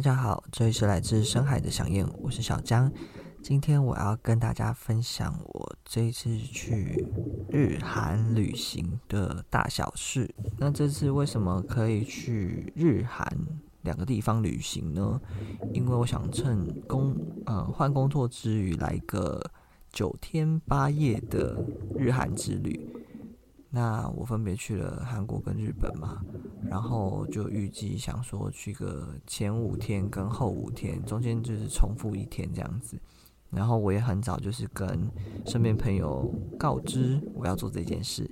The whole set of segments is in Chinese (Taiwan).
大家好，這裡是來自深海的響燕，我是小江。今天我要跟大家分享我這次去日韓旅行的大小事。那這次為什麼可以去日韓兩個地方旅行呢？因為我想趁工呃換工作之餘，來個九天八夜的日韓之旅。那我分別去了韓國跟日本嘛。然後就預計想說去個前五天跟後五天，中間就是重複一天這樣子。然後我也很早就是跟身邊朋友告知我要做這件事。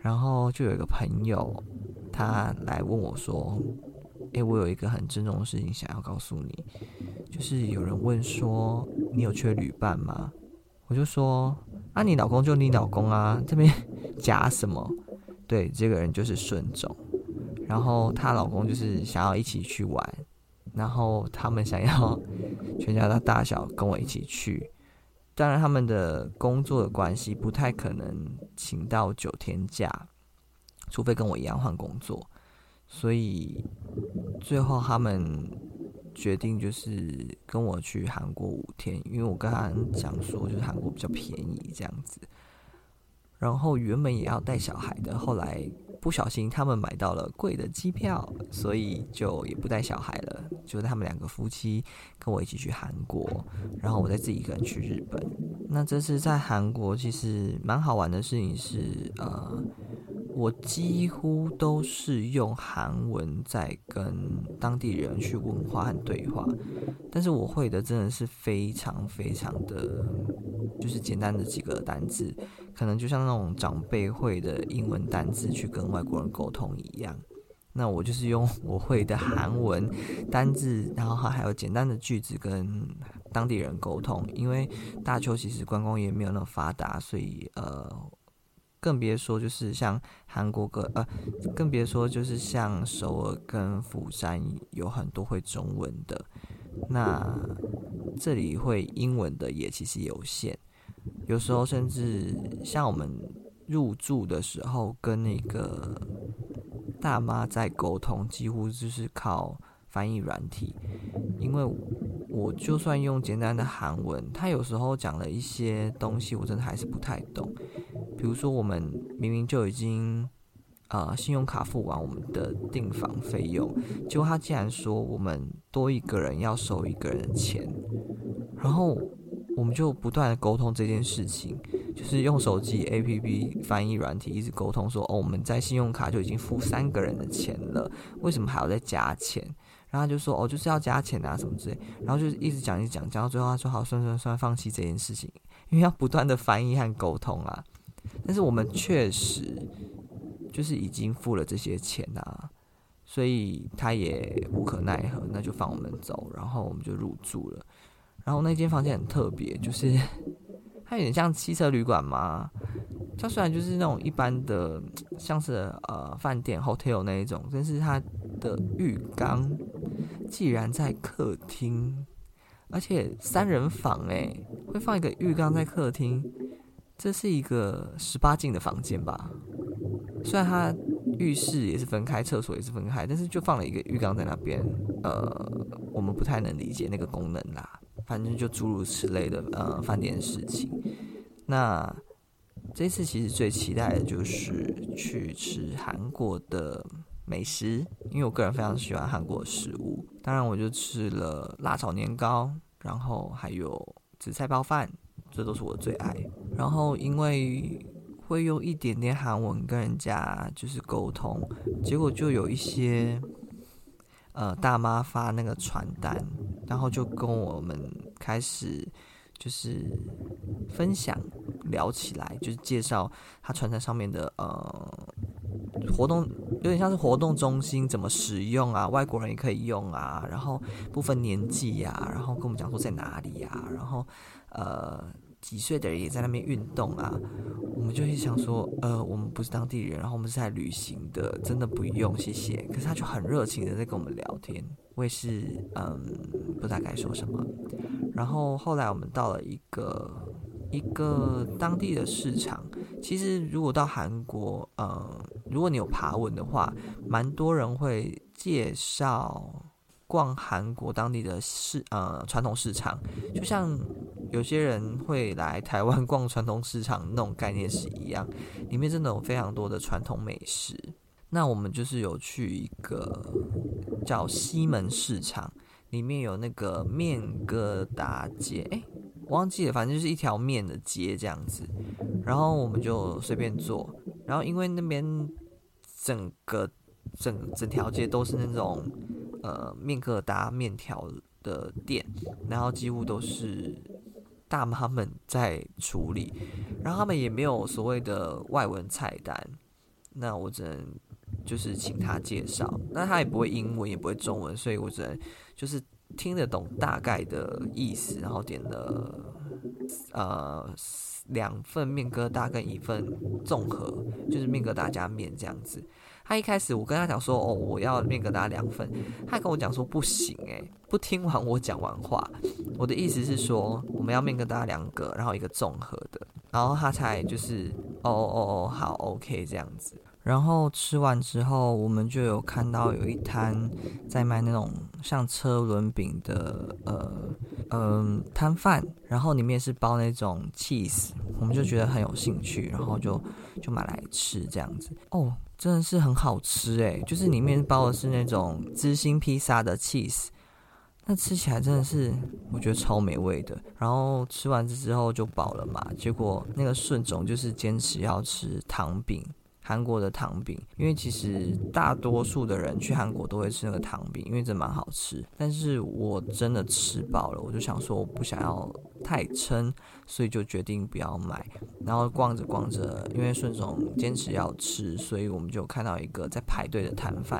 然後就有一個朋友他來問我說：“誒，我有一個很鄭重的事情想要告訴你，就是有人問說你有缺旅伴嗎？”我就說：“啊，你老公就你老公啊，這邊假什麼？對，這個人就是順總。”然後她老公就是想要一起去玩，然後他們想要全家的大小跟我一起去。當然他們的工作的關係不太可能請到九天假，除非跟我一樣換工作。所以最後他們決定就是跟我去韓國五天，因為我剛才講說就是韓國比較便宜這樣子。然後原本也要帶小孩的，後來。不小心，他們買到了貴的機票，所以就也不帶小孩了，就他們兩個夫妻跟我一起去韓國，然後我再自己一個人去日本。那這次在韓國其實蠻好玩的事情是，呃，我幾乎都是用韓文在跟當地人去問話和對話，但是我會的真的是非常非常的，就是簡單的幾個單字。可能就像那種長輩會的英文單字去跟外國人溝通一樣，那我就是用我會的韓文單字，然後還有簡單的句子跟當地人溝通。因為大邱其實觀光業沒有那麼發達，所以呃，更別說就是像韓國歌呃，更別說就是像首爾跟釜山有很多會中文的，那這裡會英文的也其實有限。有時候甚至像我們入住的時候，跟那個大媽在溝通，幾乎就是靠翻譯軟體。因為我就算用簡單的韓文，他有時候講了一些東西，我真的還是不太懂。比如說，我們明明就已經啊、呃，信用卡付完我們的訂房費用，結果他竟然說我們多一個人要收一個人的錢，然後。我們就不斷的溝通這件事情，就是用手機 APP 翻譯軟體一直溝通說，哦，我們在信用卡就已經付三個人的錢了，為什麼還要再加錢？然後他就說，哦，就是要加錢啊，什麼之類。然後就一直講，一直講，講到最後他說，好，算算算，放棄這件事情，因為要不斷的翻譯和溝通啊。但是我們確實就是已經付了這些錢啊，所以他也無可奈何，那就放我們走，然後我們就入住了。然後那間房間很特別，就是它有點像汽車旅館嘛。它雖然就是那種一般的，像是呃飯店 hotel 那一種，但是它的浴缸竟然在客廳，而且三人房誒，會放一個浴缸在客廳。這是一個十八禁的房間吧？雖然它浴室也是分開，廁所也是分開，但是就放了一個浴缸在那邊。呃，我們不太能理解那個功能啦。反正就諸如此類的，呃，飯店的事情。那這次其實最期待的就是去吃韓國的美食，因為我個人非常喜歡韓國的食物。當然，我就吃了辣炒年糕，然後還有紫菜包飯，這都是我最愛。然後因為會用一點點韓文跟人家就是溝通，結果就有一些呃大媽發那個傳單，然後就跟我們。開始就是分享聊起來，就是介紹他傳單上面的呃活動，有點像是活動中心怎麼使用啊，外國人也可以用啊，然後不分年紀呀，啊，然後跟我們講說在哪裡呀，啊，然後呃。幾歲的人也在那邊運動啊！我們就一直想說，呃，我們不是當地人，然後我們是在旅行的，真的不用，謝謝。可是他就很熱情的在跟我們聊天，我也是，嗯，不知道該說什麼。然後後來我們到了一個一個當地的市場，其實如果到韓國，嗯，如果你有爬文的話，蠻多人會介紹逛韓國當地的市，呃，傳統市場，就像。有些人會來台灣逛傳統市場，那種概念是一樣。裡面真的有非常多的傳統美食。那我們就是有去一個叫西門市場，裡面有那個麵疙瘩街，欸，我忘記了，反正就是一條麵的街這樣子。然後我們就隨便坐，然後因為那邊整個整整條街都是那種呃麵疙瘩麵條的店，然後幾乎都是。大媽們在處理，然後他們也沒有所謂的外文菜單，那我只能就是請他介紹，那他也不會英文，也不會中文，所以我只能就是聽得懂大概的意思，然後點了呃兩份面疙瘩跟一份綜合，就是面疙瘩加麵這樣子。他一開始我跟他講說，哦，我要麵疙瘩兩份。他還跟我講說不行，欸，誒，不聽完我講完話。我的意思是說，我們要麵疙瘩兩個，然後一個綜合的，然後他才就是，哦哦哦，好，OK，這樣子。然後吃完之後，我們就有看到有一攤在賣那種像車輪餅的呃嗯、呃、攤販，然後裡面是包那種 cheese，我們就覺得很有興趣，然後就就買來吃這樣子哦，真的是很好吃哎，就是裡面包的是那種芝心披薩的 cheese，那吃起來真的是我覺得超美味的。然後吃完之後就飽了嘛，結果那個順總就是堅持要吃糖餅。韓國的糖餅，因為其實大多數的人去韓國都會吃那個糖餅，因為這蠻好吃。但是我真的吃飽了，我就想說我不想要太撐，所以就決定不要買。然後逛着逛着，因為順總堅持要吃，所以我們就看到一個在排隊的攤販，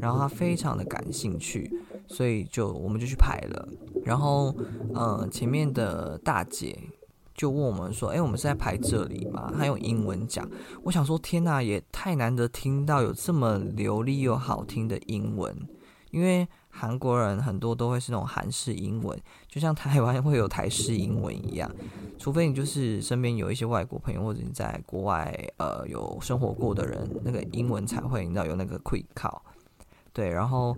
然後他非常的感興趣，所以就我們就去排了。然後，嗯、呃，前面的大姐。就問我們說：“誒，我們是在排這裡嗎？”她用英文講。我想說：“天哪，也太難得聽到有這麼流利又好聽的英文，因為韓國人很多都會是那種韓式英文，就像台灣會有台式英文一樣。除非你就是身邊有一些外國朋友，或者你在國外呃有生活過的人，那個英文才會你知道有那個 quick call。對，然後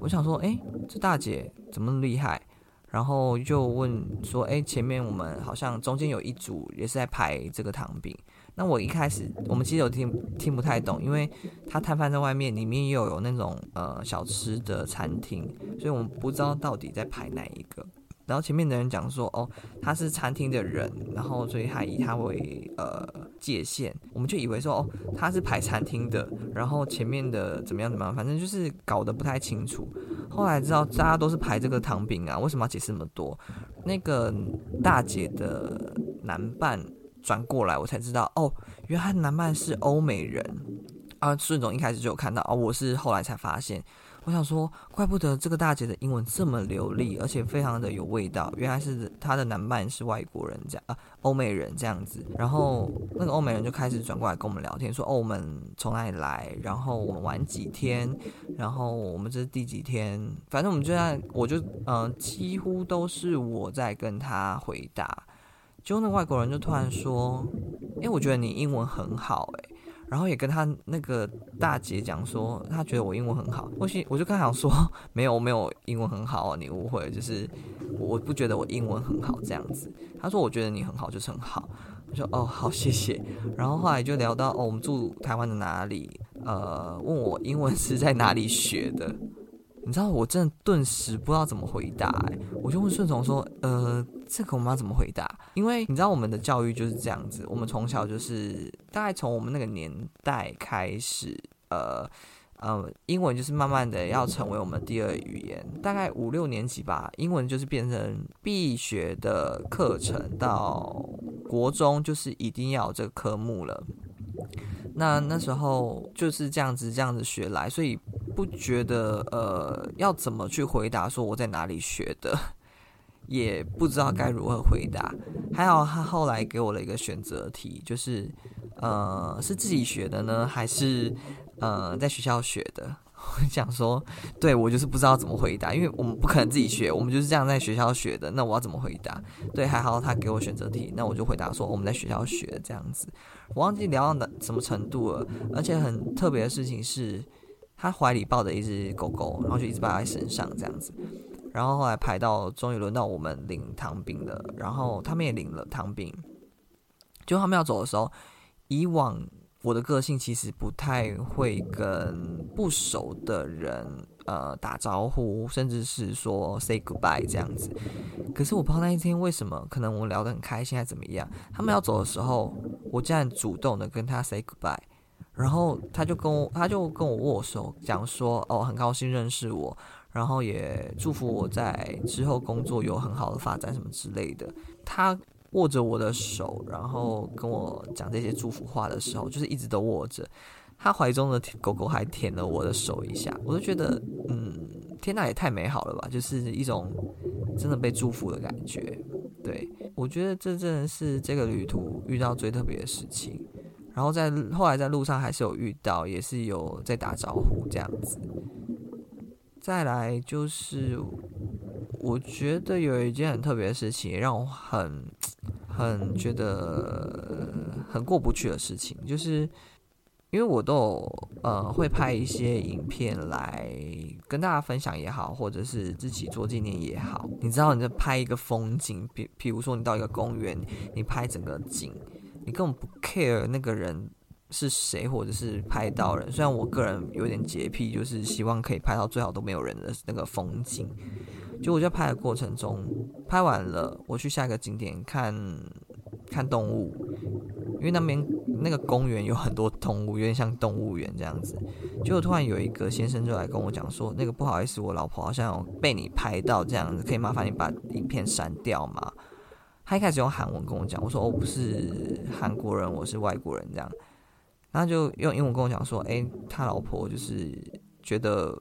我想說：誒，這大姐怎麼那麼厲害？”然後就問說：“哎，前面我們好像中間有一組也是在排這個糖餅。那我一開始我們其實有聽聽不太懂，因為他攤販在外面，裡面又有那種呃小吃的餐廳，所以我們不知道到底在排哪一個。然後前面的人講說：哦，他是餐廳的人，然後所以還以他為呃界限，我們就以為說哦他是排餐廳的。然後前面的怎麼樣怎麼樣，反正就是搞得不太清楚。”後來知道大家都是排這個糖餅啊，為什麼要解釋那麼多？那個大姐的男伴轉過來，我才知道哦，原來男伴是歐美人啊。順總一開始就有看到啊，哦，我是後來才發現。我想說，怪不得這個大姐的英文這麼流利，而且非常的有味道，原來是她的男伴是外國人，這樣啊，歐美人這樣子。然後那個歐美人就開始轉過來跟我們聊天，說：“哦，我們從哪裡來？然後我們玩幾天？然後我們這是第幾天？反正我們就在，我就嗯、呃，幾乎都是我在跟他回答。就那個外國人就突然說：哎、欸，我覺得你英文很好、欸，哎。”然後也跟他那個大姐講說，他覺得我英文很好。或許我就剛想說，沒有沒有，英文很好，你誤會，就是我不覺得我英文很好這樣子。他說，我覺得你很好就是很好。我說哦好謝謝。然後後來就聊到哦我們住台灣的哪裡，呃，問我英文是在哪裡學的。你知道我真的頓時不知道怎麼回答。欸，我就問順從說：“呃，這個我們要怎麼回答？因為你知道我們的教育就是這樣子，我們從小就是大概從我們那個年代開始，呃，呃，英文就是慢慢的要成為我們第二語言，大概五六年級吧，英文就是變成必學的課程，到國中就是一定要有這個科目了。那那時候就是這樣子這樣子學來，所以。”不覺得呃，要怎麼去回答？說我在哪裡學的，也不知道該如何回答。還好他後來給我了一個選擇題，就是呃，是自己學的呢，還是呃，在學校學的？我想說，對，我就是不知道怎麼回答，因為我們不可能自己學，我們就是這樣在學校學的。那我要怎麼回答？對，還好他給我選擇題，那我就回答說，哦，我們在學校學這樣子。我忘記聊到哪什麼程度了，而且很特別的事情是。他懷裡抱着一隻狗狗，然後就一直抱在身上這樣子。然後後來排到，終於輪到我們領糖餅了。然後他們也領了糖餅。就他們要走的時候，以往我的個性其實不太會跟不熟的人呃打招呼，甚至是說 say goodbye 這樣子。可是我不知道那一天為什麼，可能我聊得很開心，還怎麼樣？他們要走的時候，我竟然主動的跟他 say goodbye。然後他就跟我，他就跟我握手，講說哦，很高興認識我，然後也祝福我在之後工作有很好的發展什麼之類的。他握着我的手，然後跟我講這些祝福話的時候，就是一直都握着。他懷中的狗狗還舔了我的手一下，我就覺得嗯，天哪！也太美好了吧！就是一種真的被祝福的感覺。對，我覺得這真的是這個旅途遇到最特別的事情。然後在後來在路上還是有遇到，也是有在打招呼這樣子。再來就是，我覺得有一件很特別的事情，讓我很很覺得很過不去的事情，就是因為我都呃會拍一些影片來跟大家分享也好，或者是自己做紀念也好。你知道你在拍一個風景，比譬如說你到一個公園，你拍整個景。你根本不 care 那個人是誰，或者是拍到人。雖然我個人有點潔癖，就是希望可以拍到最好都沒有人的那個風景。我就我在拍的過程中，拍完了，我去下一個景點看看動物，因為那邊那個公園有很多動物，有點像動物園這樣子。就突然有一個先生就來跟我講說，那個不好意思，我老婆好像有被你拍到這樣子，可以麻煩你把影片刪掉嗎？他一開始用韓文跟我講，我說我、哦、不是韓國人，我是外國人，這樣。然後就用英文跟我講說：“誒、欸，他老婆就是覺得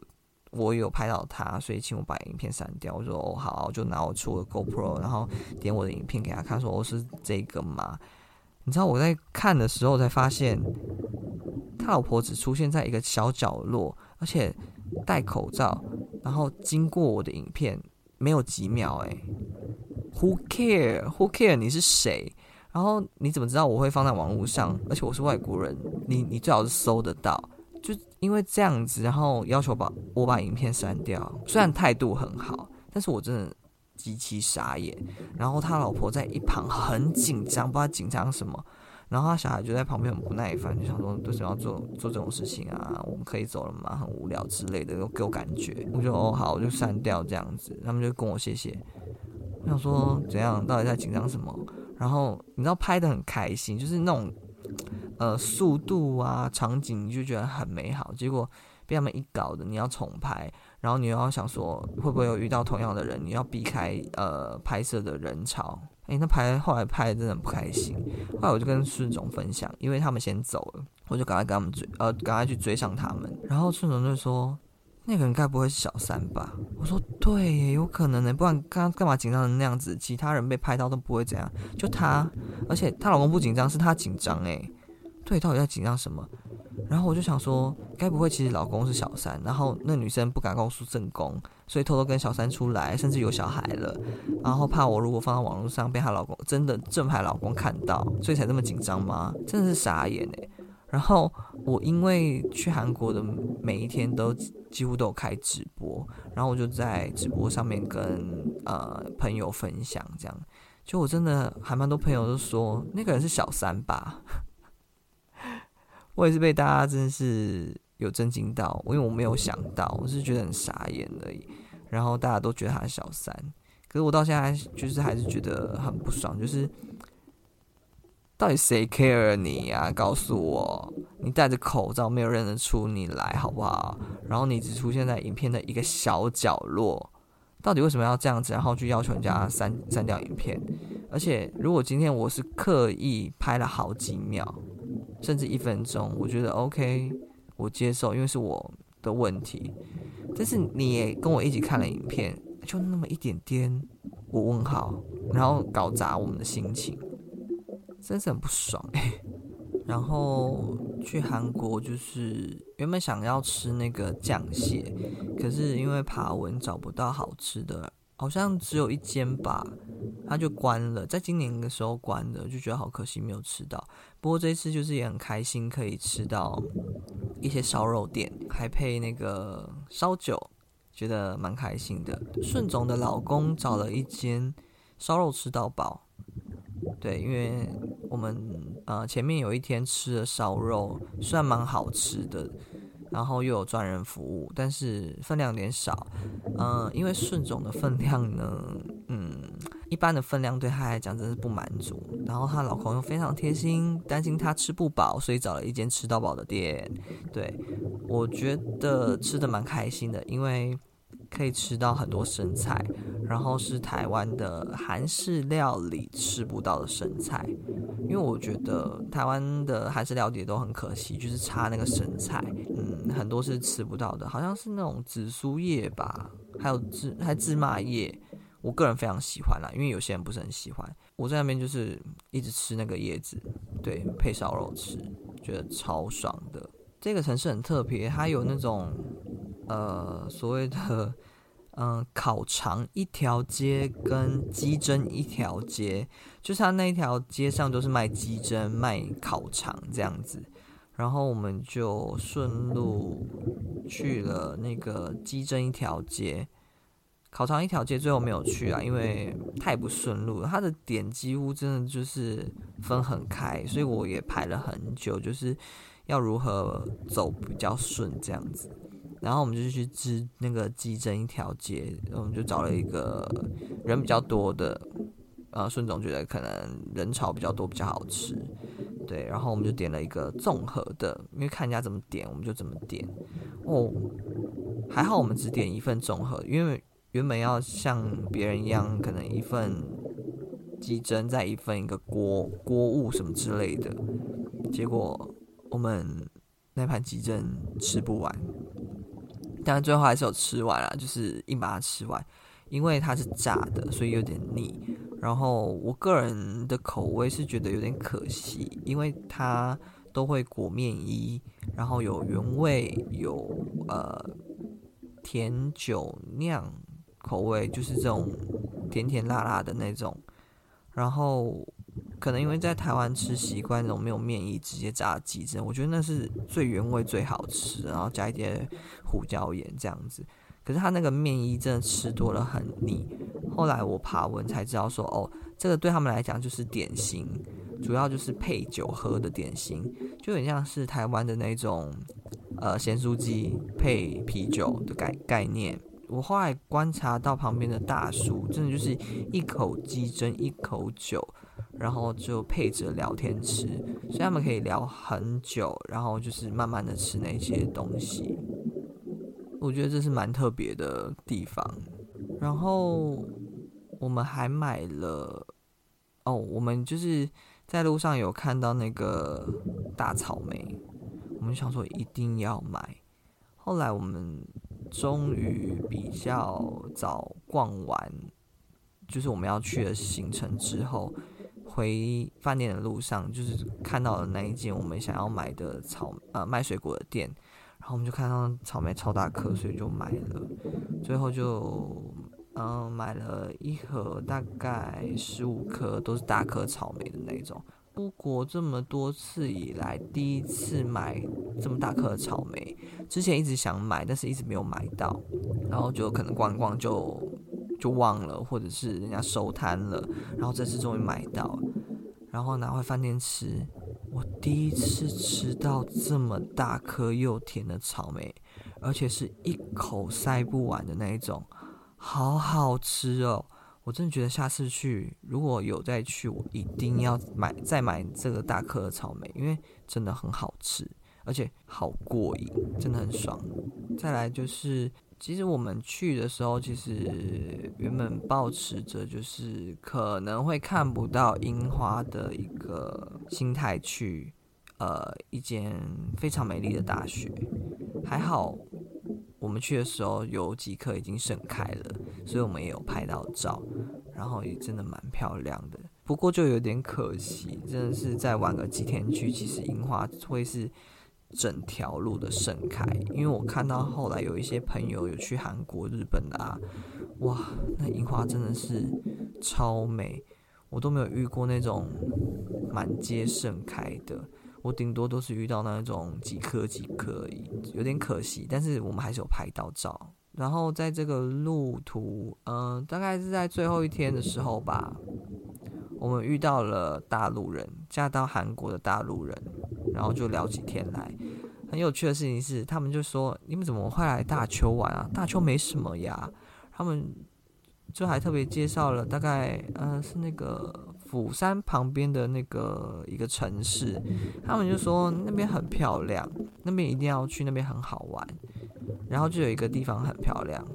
我有拍到他，所以請我把影片刪掉。”我說：“哦，好，就拿我出我的 GoPro，然後點我的影片給他看，說我、哦、是這個嘛。”你知道我在看的時候才發現，他老婆只出現在一個小角落，而且戴口罩，然後經過我的影片沒有幾秒、欸，誒。Who care? Who care? 你是誰？然後你怎麼知道我會放在網絡上？而且我是外國人，你你最好是搜得到。就因為這樣子，然後要求我把我把影片刪掉。雖然態度很好，但是我真的極其傻眼。然後他老婆在一旁很緊張，不知道緊張什麼。然後他小孩就在旁邊很不耐煩，就想說都是要做做這種事情啊？我們可以走了嗎？很無聊之類的，有給我感覺。我就哦好，我就刪掉這樣子。他們就跟我謝謝。想說怎樣，到底在緊張什麼？然後你知道拍的很開心，就是那種呃速度啊場景，你就覺得很美好。結果被他們一搞的，你要重拍，然後你又要想說會不會有遇到同樣的人，你要避開呃拍攝的人潮。誒、欸，那拍後來拍得真的很不開心。後來我就跟孫總分享，因為他們先走了，我就趕快跟他們追，呃，趕快去追上他們。然後孫總就說。那個人該不會是小三吧？我說對耶，有可能呢。不然剛剛幹嘛緊張成那樣子？其他人被拍到都不會怎樣，就她，而且她老公不緊張，是她緊張誒。對，到底在緊張什麼？然後我就想說，該不會其實老公是小三，然後那女生不敢告訴正宮，所以偷偷跟小三出來，甚至有小孩了，然後怕我如果放到網絡上被她老公真的正牌老公看到，所以才這麼緊張嗎？真的是傻眼誒。然後我因為去韓國的每一天都幾乎都有開直播，然後我就在直播上面跟呃朋友分享這樣，就我真的還蠻多朋友都說那個人是小三吧， 我也是被大家真的是有震驚到，因為我沒有想到，我是覺得很傻眼而已，然後大家都覺得他是小三，可是我到現在就是還是覺得很不爽，就是。到底誰 care 你呀？告訴我，你戴着口罩沒有認得出你來，好不好？然後你只出現在影片的一個小角落，到底為什麼要這樣子？然後去要求人家刪刪掉影片，而且如果今天我是刻意拍了好幾秒，甚至一分鐘，我覺得 OK，我接受，因為是我的問題。但是你也跟我一起看了影片，就那麼一點點，我問號，然後搞砸我們的心情。真是很不爽哎、欸！然後去韓國就是原本想要吃那個醬蟹，可是因為爬文找不到好吃的，好像只有一間吧，他就關了，在今年的時候關的，就覺得好可惜沒有吃到。不過這次就是也很開心，可以吃到一些燒肉店，還配那個燒酒，覺得蠻開心的。順總的老公找了一間燒肉吃到飽。對，因為我們呃前面有一天吃了燒肉，雖然蠻好吃的，然後又有專人服務，但是分量有點少。嗯、呃，因為順總的分量呢，嗯，一般的分量對他來講真是不滿足。然後她老公又非常貼心，擔心她吃不飽，所以找了一間吃到飽的店。對，我覺得吃的蠻開心的，因為可以吃到很多生菜。然後是台灣的韓式料理吃不到的生菜，因為我覺得台灣的韓式料理也都很可惜，就是差那個生菜，嗯，很多是吃不到的，好像是那種紫蘇葉吧，還有芝還芝麻葉，我個人非常喜歡啦，因為有些人不是很喜歡。我在那邊就是一直吃那個葉子，對，配燒肉吃，覺得超爽的。這個城市很特別，它有那種呃所謂的。嗯，烤腸一條街跟雞胗一條街，就是它那一條街上都是賣雞胗、賣烤腸這樣子。然後我們就順路去了那個雞胗一條街，烤腸一條街最後沒有去啊，因為太不順路了，它的點幾乎真的就是分很開，所以我也排了很久，就是要如何走比較順這樣子。然後我們就去吃那個雞胗一條街，我們就找了一個人比較多的，啊，孫總覺得可能人潮比較多比較好吃，對，然後我們就點了一個綜合的，因為看人家怎麼點我們就怎麼點，哦，還好我們只點一份綜合，因為原本要像別人一樣可能一份雞胗再一份一個鍋鍋物什麼之類的，結果我們那盤雞胗吃不完。但最後還是有吃完了，就是硬把它吃完，因為它是炸的，所以有點膩。然後我個人的口味是覺得有點可惜，因為它都會裹麵衣，然後有原味，有呃甜酒釀口味，就是這種甜甜辣辣的那種，然後。可能因為在台灣吃習慣那種沒有麵衣直接炸的雞胗，我覺得那是最原味最好吃，然後加一點胡椒鹽這樣子。可是他那個麵衣真的吃多了很膩。後來我爬文才知道說，哦，這個對他們來講就是點心，主要就是配酒喝的點心，就很像是台灣的那種呃鹹酥雞配啤酒的概概念。我後來觀察到旁邊的大叔，真的就是一口雞胗一口酒。然後就配着聊天吃，所以他們可以聊很久，然後就是慢慢的吃那些東西。我覺得這是蠻特別的地方。然後我們還買了，哦，我們就是在路上有看到那個大草莓，我們想說一定要買。後來我們終於比較早逛完，就是我們要去的行程之後。回飯店的路上，就是看到了那一間我們想要買的草呃賣水果的店，然後我們就看到草莓超大顆，所以就買了。最後就嗯、呃，買了一盒，大概十五顆，都是大顆草莓的那一種。出國這麼多次以來，第一次買這麼大顆的草莓，之前一直想買，但是一直沒有買到。然後就可能逛一逛就。就忘了，或者是人家收攤了，然後這次終於買到了，然後拿回飯店吃。我第一次吃到這麼大顆又甜的草莓，而且是一口塞不完的那一種，好好吃哦！我真的覺得下次去，如果有再去，我一定要買再買這個大顆的草莓，因為真的很好吃，而且好過癮，真的很爽。再來就是。其實我們去的時候，其實原本抱持着就是可能會看不到櫻花的一個心態去，呃，一間非常美麗的大學。還好我們去的時候有幾棵已經盛開了，所以我們也有拍到照，然後也真的蠻漂亮的。不過就有點可惜，真的是再晚個幾天去，其實櫻花會是。整條路的盛開，因為我看到後來有一些朋友有去韓國、日本的啊，哇，那櫻花真的是超美，我都沒有遇過那種滿街盛開的，我頂多都是遇到那種幾棵幾棵而已，有點可惜，但是我們還是有拍到照。然後在這個路途，嗯、呃，大概是在最後一天的時候吧，我們遇到了大陸人，嫁到韓國的大陸人。然後就聊起天來，很有趣的事情是，他們就說你們怎麼會來大邱玩啊？大邱沒什麼呀。他們就還特別介紹了大概，呃，是那個釜山旁邊的那個一個城市。他們就說那邊很漂亮，那邊一定要去，那邊很好玩。然後就有一個地方很漂亮，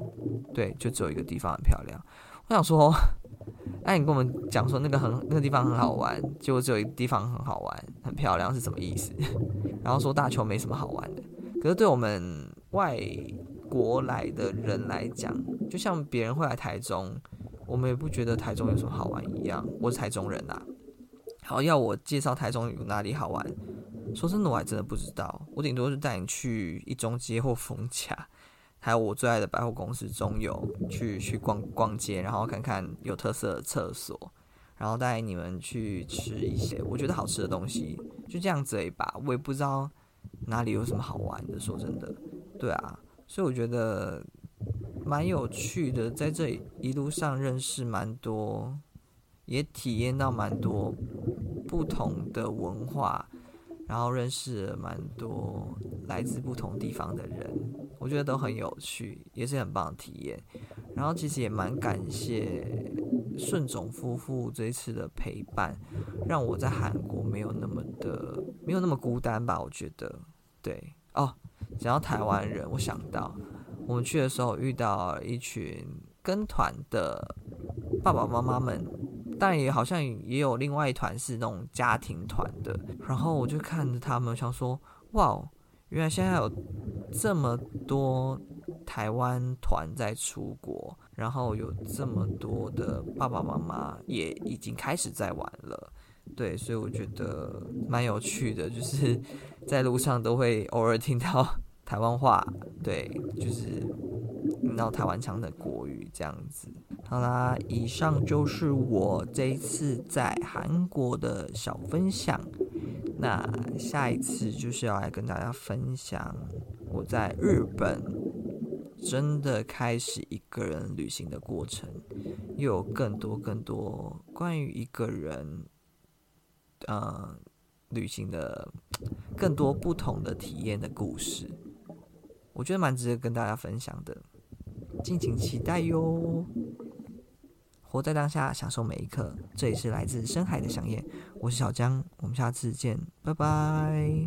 對，就只有一個地方很漂亮。我想說，哎、啊，你跟我們講說那個很那個地方很好玩，就只有一個地方很好玩，很漂亮，是什麼意思？ 然後說大邱沒什麼好玩的，可是對我們外國來的人來講，就像別人會來台中，我們也不覺得台中有什麼好玩一樣。我是台中人吶、啊，好，要我介紹台中有哪裡好玩？說真的，我還真的不知道，我頂多是帶你去一中街或逢甲。還有我最愛的百貨公司中友去去逛逛街，然後看看有特色的廁所，然後帶你們去吃一些我覺得好吃的東西，就這樣子吧，我也不知道哪裡有什麼好玩的，說真的，對啊，所以我覺得蠻有趣的，在這一路上認識蠻多，也體驗到蠻多不同的文化。然後認識了蠻多來自不同地方的人，我覺得都很有趣，也是很棒的體驗。然後其實也蠻感謝順總夫婦這一次的陪伴，讓我在韓國沒有那麼的沒有那麼孤單吧。我覺得，對哦，講到台灣人，我想到我們去的時候遇到一群跟團的爸爸媽媽們。但也好像也有另外一團是那種家庭團的，然後我就看着他們，我想說，哇，原來現在有這麼多台灣團在出國，然後有這麼多的爸爸媽媽也已經開始在玩了，對，所以我覺得蠻有趣的，就是在路上都會偶爾聽到台灣話，對，就是聽到台灣腔的國語這樣子。好啦，以上就是我這一次在韓國的小分享。那下一次就是要來跟大家分享我在日本真的開始一個人旅行的過程，又有更多更多關於一個人嗯、呃、旅行的更多不同的體驗的故事。我覺得蠻值得跟大家分享的，敬請期待喲。活在當下，享受每一刻。這裡是來自深海的香煙，我是小江，我們下次見，拜拜。